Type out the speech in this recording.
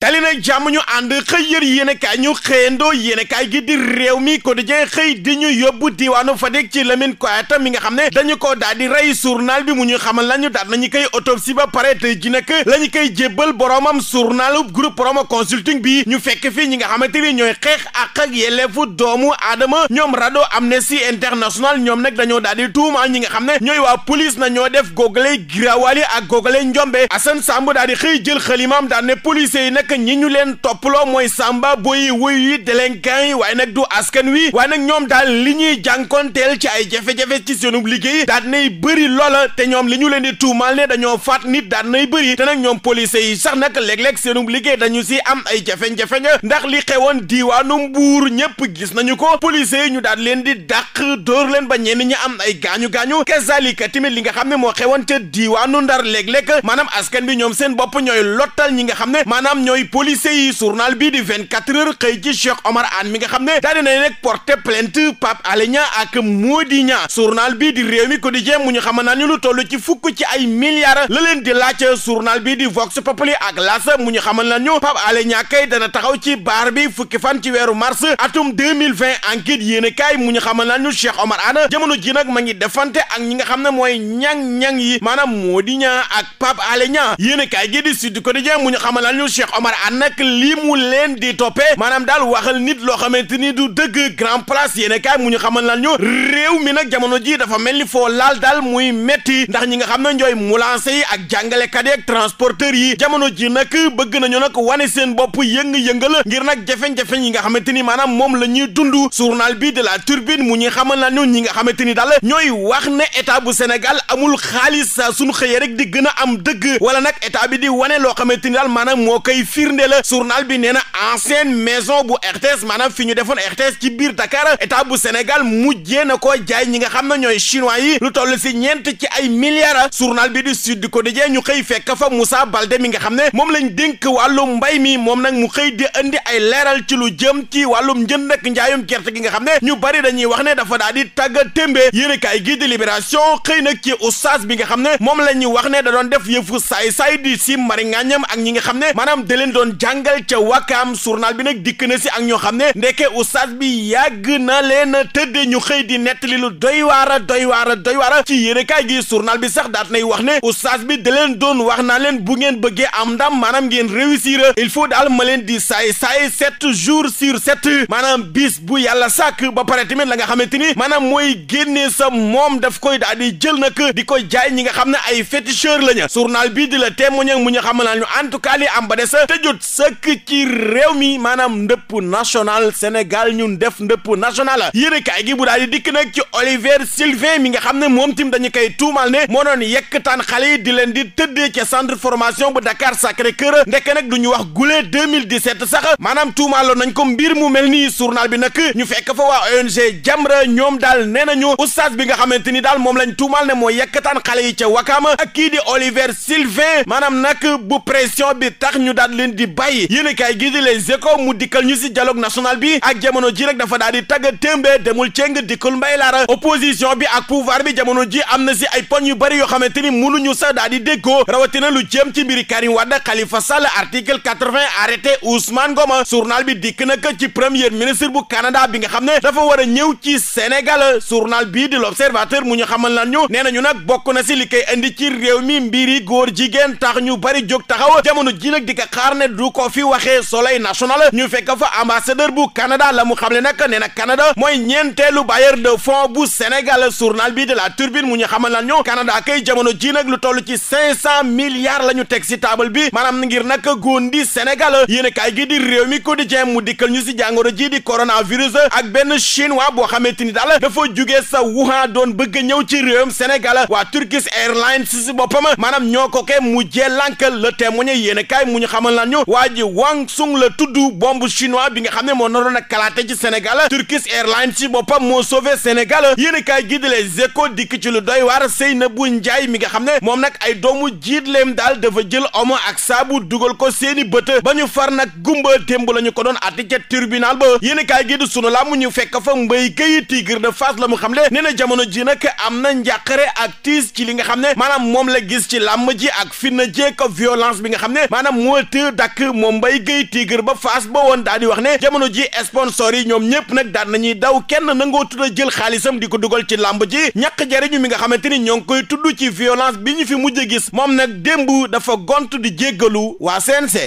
tali nag jàmm ñu ànd xëy yër yéenekaay ñu xëyandoo yéenekaay gi di réew mi quotidien xëy di ñu yóbbu diwaanu Fatick ci Lamine Koyata mi nga xam ne dañu ko daal di rey journal bi mu ñu xamal lañu daal ñu koy autopsie ba pare tey ji nag la ñu koy jébbal boromam journalu groupe promo consulting bi ñu fekk fi ñi nga xamante ni ñooy xeex ak ak yelleefu doomu aadama ñoom rado Amnesty International ñoom nag dañoo daal di tuumaal ñi nga xam ne ñooy waa police na ñoo def googale girawali ak googale njombe Assane Samb daal di xëy jël xalimaam daal ne policiers yi nag nag ñi ñu leen topp loo mooy sàmba boy wuy yi délinquant yi waaye nag du askan wi waaye nag ñoom daal li ñuy jànkonteel ci ay jafe-jafe ci seenub liggéey daal nay bëri loola te ñoom li ñu leen di tuumaal ne dañoo faat nit daal nay bëri te nag ñoom police yi sax nag léeg-léeg seenub liggéey dañu si am ay jafe-jafe nga ndax li xewoon diiwaanu mbuur ñëpp gis nañu ko police yi ñu daal leen di dàq dóor leen ba ñenn ñi am ay gaañu-gaañu kazalika tamit li nga xam ne moo xewoon ca diiwaanu ndar léeg-léeg maanaam askan bi ñoom seen bopp ñooy lottal ñi nga xam xëy policiers yi journal bi di 24 heures xëy ci Cheikh Omar Anne mi nga xam ne daal dina nekk porté plainte Pape Alé Niang ak Mody Niang journal bi di Rewmi Quotidien mu ñu ñu lu toll ci fukk dana taxaw ci baar fukki fan ci weeru mars atum 2020 enquête yéene kaay mu ñu xaman naa ñu Cheikh Omar Anne jamono ji nag ma ngi defante ak ñi nga xam ne mooy ñang-ñang yi maanaam Mody Niang ak Pape Alé Niang yéene kaay gi di Sud Quotidien mu ñu ñu Cheikh Omar Oumar Anne nag lii mu leen di toppee maanaam daal waxal nit loo xamante ni du dëgg grand place yéen kaay mu ñu xamal lan ñu réew mi nag jamono ji dafa mel ni foo laal daal muy metti ndax ñi nga xam ne ñooy mulancé yi ak jàngalekat yi yi jamono ji nag bëgg nañu nak wane seen bopp yëng-yëngal ngir nag jafeñ-jafeñ yi nga xamante ni maanaam moom la ñuy dund journal bi de la turbine mu ñuy xamal lan ñu ñi nga xamante ni daal ñooy wax ne état bu Sénégal amul xaalis saa suñu xëyee rek di gën a am dëgg wala nag état bi di wane loo xamante ni daal maanaam moo koy firnde bi nee na ancienne maison bu RTS maanaam fi ñu defoon RTS ci biir Dakar état bu Sénégal mujjee na ko jaay ñi nga xam ne ñooy chinois yi lu toll si ñeent ci ay milliards journal bi du Sud Quotidien ñu xëy fekk fa Moussa Baldé mi nga xam ne moom lañ dénk wàllu mbay mi moom na mu xëy di andi ay leeral ci lu jëm ci wàllum njënd ak njaayum gerte gi nga xam ne ñu bari dañuy wax ne dafa daal di tàgga témbe yéenekaay gi di Libération xëy nag ci oustaz bi nga xam ne moom la ñuy wax ne da def yëfu saay saay leen doon jàngal ca am journal bi nag dikk na si ak ñoo xam ne ndeke oustaz bi yàgg na leen tëdde ñu xëy di nettali lu doy waara doy waara doy waara ci yéenekaay gi journal bi sax daat nay wax ne oustaz bi da leen doon wax naa leen bu ngeen bëggee am ndam maanaam ngeen réussir il faut daal ma leen di saay saay sept jours sur sept maanaam bis bu yàlla sàkk ba pare tamit la nga xamante ni maanaam mooy génnee sa moom daf koy daal di jël nag di ko jaay ñi nga xam ne ay féticheur lañu journal bi di la témoigner mu ñu xamal ñu en tout cas li am jot sëkk ci réew mi maanaam ndëpp national Sénégal ñun def ndëpp national yéen kaay gi bu daal di dikk nag ci Olivier Sylvain mi nga xam ne moom tim dañu koy tuumal ne moo doon yekkataan xale yi di leen di tëdd ca centre formation bu Dakar Sacré-Cœur ndekk nag du ñu wax gulee 2017 sax maanaam tuumaaloon nañ ko mbir mu mel nii journal bi nag ñu fekk fa waa ONG Jamra ñoom daal nee nañu oustaz bi nga xamante ni daal moom lañ tuumal ne moo taan xale yi ca Wakaam ak kii di Olivier Sylvain maanaam nag bu pression bi tax ñu daal leen di bàyyi yéenekaay gi di Les Échos mu dikkal ñu si dialogue national bi ak jamono ji rek dafa daal di tagg témbee demul cëng dikkul mbay laara opposition bi ak pouvoir bi jamono ji am ay poñ yu bëri yoo xamante ni mënuñu sax daal di déggoo rawatina ci mbiri Karim Wade Khalifa Sall article 80 arrêté Ousmane Goma journal bi dikk nag ci premier ministre bu Canada bi nga xam ne dafa war a ñëw ci Sénégal journal bii di l'Observateur mu ñu xamal lan na si li koy indi ci réew mi mbiri góor jigéen tax yaakaar ne du ko fi waxee soleil national ñu fekk fa ambassadeur bu Canada la mu xam ne nag nee na Canada mooy ñeenteelu fon de fonds bu Sénégal journal bi de la turbine mu ñu xamal lan ñu Canada kay jamono ji nag lu toll ci cinq cent milliards la ñu teg si table bi maanaam ngir nag góondi Sénégal yéen kaay gi di réew di quotidien mu dikkal ñu si jàngoro ji di coronavirus ak benn chinois boo xamante ni daal dafa jugee sa Wuhan doon bëgg ñëw ci réewum Sénégal waa Turkish Airlines si boppam maanaam ñoo ko ke mujjee lànkal le témoigné yéen kaay mu ñu xamal lan ñu waa Wang Sung la tudd bombe chinois bi nga xam ne moom na a kalaate ci Sénégal Turkish Airlines ci boppam moo sauvé Sénégal yéen kaay gi di Les Échos dikk ci lu doy waar Seynabou Ndiaye mi nga xam ne moom nag ay doomu jiit jiitleem daal dafa jël omo ak saabu dugal ko seeni bët ba ñu far nag gumba démb la ñu ko doon atti ca tribunal ba yéen kaay gi di sunu la mu ñu fekk fa mbéy kay Tigre de Fass la mu xam ne nee na jamono ji nag am na njàqare ak tiis ci li nga xam ne maanaam moom la gis ci làmm ji ak fitna ji ko violence dakk moom Mbaye Gueye Tigre ba Fass ba woon daa di wax ne jamono ji sponsor yi ñoom ñëpp nag daan nañuy daw kenn nangoo tudd jël xaalisam di ko dugal ci làmb ji ñàkk jariñu mi nga xamante ni ñoo ngi koy tudd ci violence bi ñu fi mujj gis moom nag démb dafa gont di jéggalu waa CNG